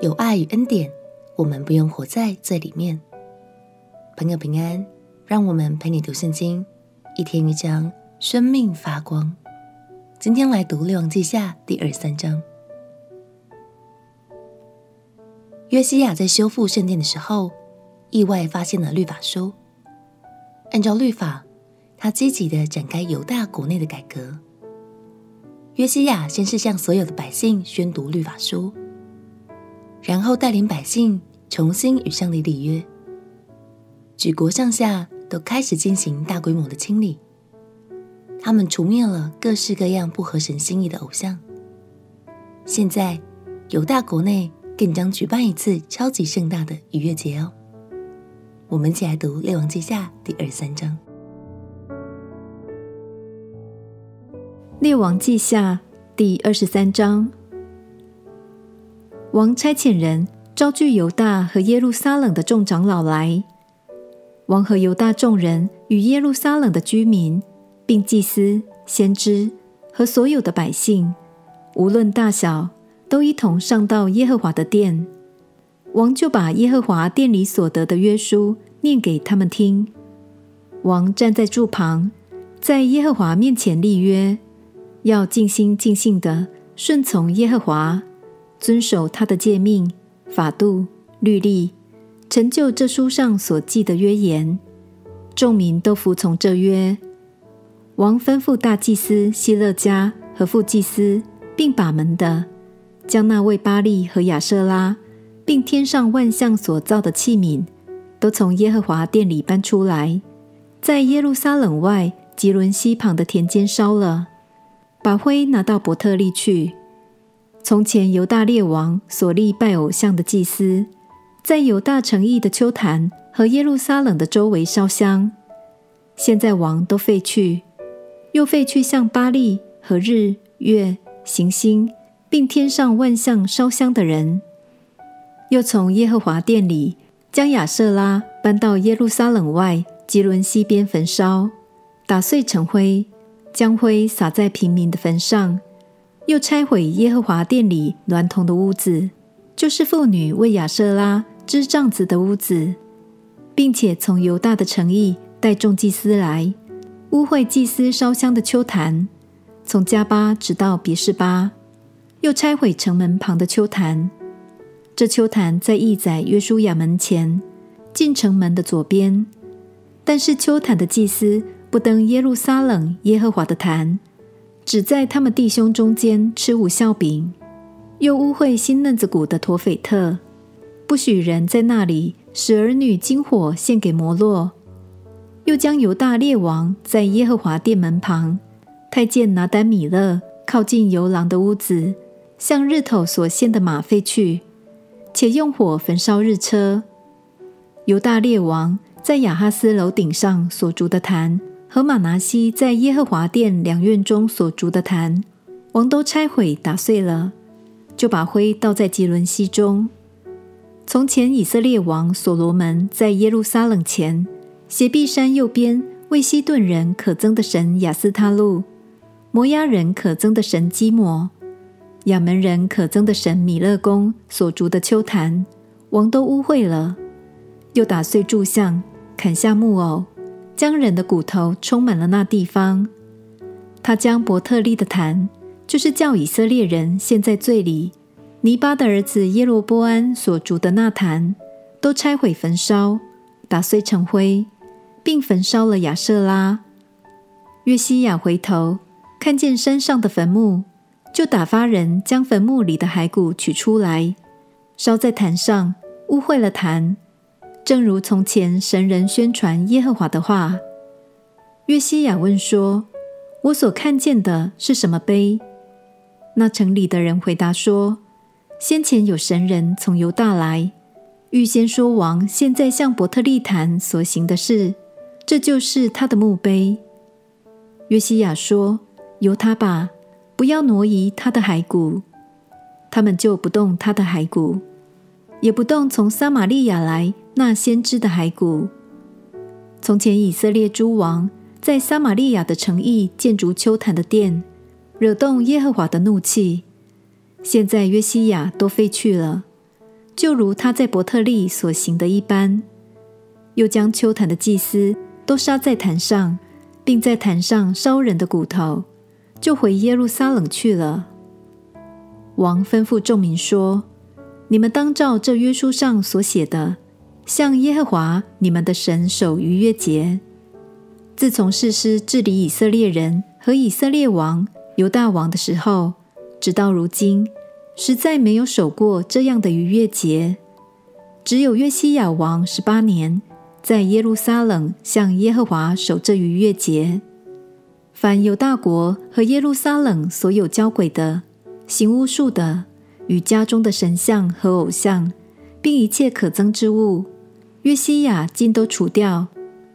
有愛與恩典，我們不用活在這裡面。朋友平安，讓我們陪你讀聖經，一天一章，生命發光。今天來讀《列王紀下》第二三章。約西亞在修復聖殿的時候，意外發現了律法書。按照律法，他積極地展開猶大國內的改革。約西亞先是向所有的百姓宣讀律法書。然後帶領百姓重新與上帝立約，舉國上下都開始進行大規模的清理。他們除滅了各式各樣不合神心意的偶像。現在猶大國內更將舉辦一次超級盛大的逾越節哦！我們一起來讀《列王記下》第二十三章，《列王記下》第二十三章。王差遣人召聚猶大和耶路撒冷的眾長老來。王和猶大眾人與耶路撒冷的居民，並祭司、先知和所有的百姓，無論大小，都一同上到耶和華的殿。王就把耶和華殿裡所得的約書念給他們聽。王站在柱旁，在耶和華面前立約，要盡心盡性地順從耶和華。遵守他的誡命、法度、律例，成就這書上所記的約言，眾民都服從這約。王吩咐大祭司希勒家和副祭司，並把門的，將那位巴力和亞舍拉，並天上萬象所造的器皿，都從耶和華殿裡搬出來，在耶路撒冷外，汲淪溪旁的田間燒了，把灰拿到伯特利去。從前猶大列王所立拜偶像的祭司，在猶大城邑的丘壇和耶路撒冷的周圍燒香；現在王都廢去，又廢去向巴力和日、月、行星，並天上萬象燒香的人。又從耶和華殿裡將亞舍拉搬到耶路撒冷外吉倫西邊焚燒，打碎成灰，將灰撒在平民的墳上。又拆毀耶和華殿裡孌童的屋子，就是婦女為亞舍拉織帳子的屋子，並且從猶大的城邑帶眾祭司來污穢祭司燒香的邱壇，從迦巴直到別是巴，又拆毀城門旁的邱壇。這邱壇在邑宰約書亞門前進城門的左邊，但是邱壇的祭司不登耶路撒冷耶和華的壇。只在他們弟兄中間吃無酵餅，又污穢欣嫩子谷的陀斐特，不許人在那裡使兒女經火獻給摩洛。又將猶大列王在耶和華殿門旁太監拿單米勒靠近遊廊的屋子，向日頭所獻的馬廢去，且用火焚燒日車。猶大列王在亞哈斯樓頂上所築的壇，和瑪拿西在耶和華殿兩院中所築的壇，王都拆毀打碎了，就把灰倒在汲淪溪中。從前以色列王所羅門在耶路撒冷前邪僻山右邊為西頓人可憎的神亞斯她錄，摩押人可憎的神基抹，亞捫人可憎的神米勒公所築的丘壇，王都污穢了，又打碎柱像，砍下木偶，將人的骨頭充滿了那地方。他將伯特利的壇，就是叫以色列人陷在罪裡，尼巴的兒子耶羅波安所築的那壇，都拆毀焚燒，打碎成灰，並焚燒了亞舍拉。約西亞回頭看見山上的墳墓，就打發人將墳墓裡的骸骨取出來，燒在壇上，污穢了壇。正如從前神人宣傳耶和華的話，約西亞問說：“我所看見的是什麼碑？”那城裡的人回答說：“先前有神人從猶大來，預先說王現在向伯特利壇所行的事，這就是他的墓碑。”約西亞說：“由他吧，不要挪移他的骸骨。他們就不動他的骸骨，也不動從撒瑪利亞來。”那先知的骸骨，從前以色列諸王在撒瑪利亞的城邑建築丘壇的殿，惹動耶和華的怒氣。現在約西亞都廢去了，就如他在伯特利所行的一般，又將丘壇的祭司都殺在壇上，並在壇上燒人的骨頭，就回耶路撒冷去了。王吩咐眾民說：“你們當照這約書上所寫的。”向耶和華你們的神守逾越節。自從士師治理以色列人和以色列王猶大王的時候，直到如今，實在沒有守過這樣的逾越節。只有約西亞王十八年，在耶路撒冷向耶和華守這逾越節。凡猶大國和耶路撒冷所有交鬼的、行巫術的、與家中的神像和偶像，並一切可憎之物。約西亞盡都除掉，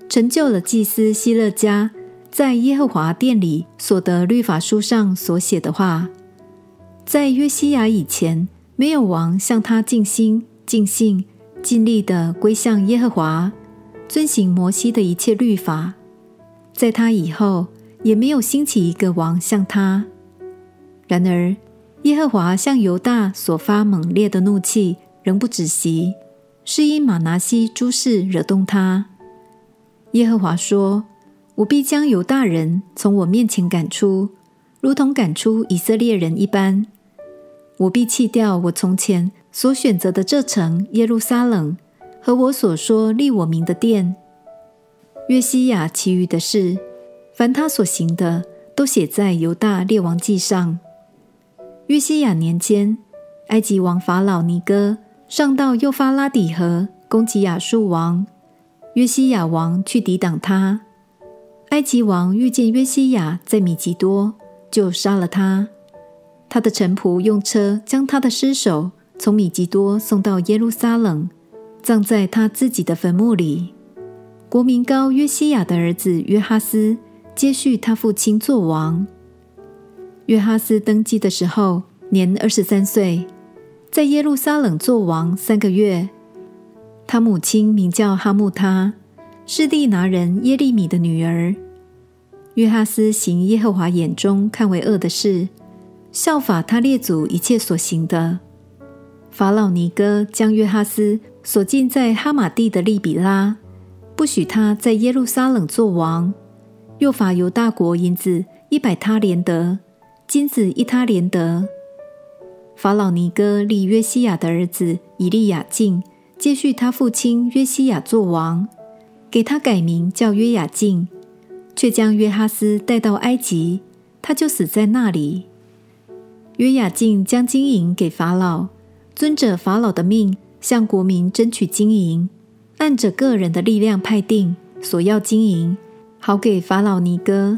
成就了祭司希勒家在耶和華殿裡所得律法書上所寫的話。在約西亞以前，沒有王像他盡心、盡性、盡力地歸向耶和華，遵行摩西的一切律法；在他以後，也沒有興起一個王像他。然而，耶和華向猶大所發猛烈的怒氣仍不止息。是因馬拿西諸事惹動他，耶和華說：“我必將猶大人從我面前趕出，如同趕出以色列人一般。我必棄掉我從前所選擇的這城耶路撒冷和我所說立我名的殿。”約西亞其餘的事，凡他所行的，都寫在猶大列王記上。約西亞年間，埃及王法老尼哥。上到幼發拉底河，攻擊亞述王，約西亞王去抵擋他。埃及王遇見約西亞在米吉多，就殺了他。他的臣僕用車將他的屍首從米吉多送到耶路撒冷，葬在他自己的墳墓裡。國民膏約西亞的兒子約哈斯接續他父親做王。約哈斯登基的時候，年二十三歲。在耶路撒冷做王三個月，他母親名叫哈木他，是第拿人耶利米的女兒。約哈斯行耶和華眼中看為惡的事，效法他列祖一切所行的。法老尼哥將約哈斯鎖禁在哈馬地的利比拉，不許他在耶路撒冷做王。又罰猶大國銀子一百他連得，金子一他連得。法老尼哥立約西亞的兒子以利亞敬，接續他父親約西亞作王，給他改名叫約雅敬，卻將約哈斯帶到埃及，他就死在那裡。約雅敬將金銀給法老，遵着法老的命向國民徵取金銀，按着各人的力量派定，索要金銀，好給法老尼哥。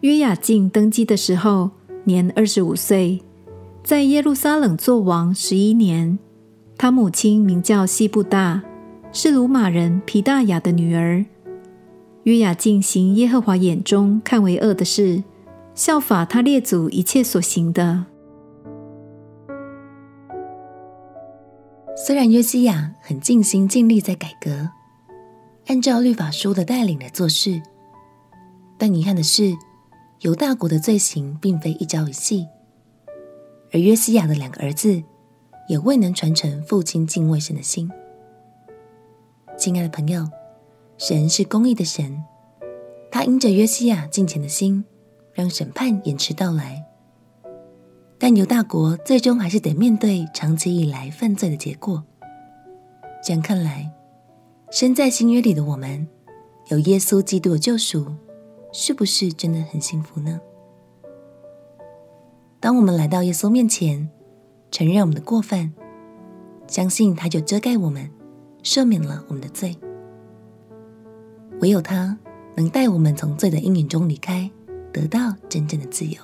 約雅敬登基的時候年二十五歲。在耶路撒冷作王十一年，他母親名叫西布大，是魯馬人皮大雅的女兒。約雅敬行耶和華眼中看為惡的事，效法他列祖一切所行的。雖然約西亞很盡心盡力在改革，按照律法書的帶領來做事，但遺憾的是，猶大國的罪行並非一朝一夕。而約西亞的兩個兒子也未能傳承父親敬畏神的心。親愛的朋友，神是公義的神，他因着約西亞敬虔的心，讓審判延遲到來。但猶大國最終還是得面對長期以來犯罪的結果。這樣看來，身在新約裡的我們，有耶穌基督的救贖，是不是真的很幸福呢？當我們來到耶穌面前，承認我們的過犯，相信他就遮蓋我們，赦免了我們的罪。唯有他能帶我們從罪的陰影中離開，得到真正的自由。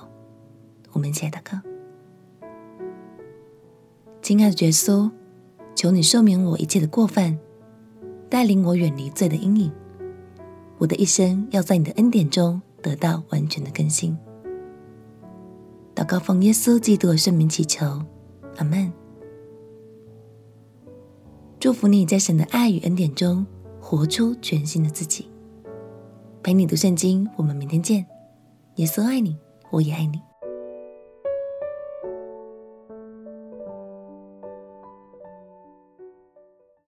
我們一起來禱告：親愛的耶穌，求你赦免我一切的過犯，帶領我遠離罪的陰影。我的一生要在你的恩典中得到完全的更新。禱告奉耶穌基督的聖名祈求，阿門。祝福你在神的愛與恩典中活出全新的自己。陪你讀聖經，我們明天見。耶穌愛你，我也愛你。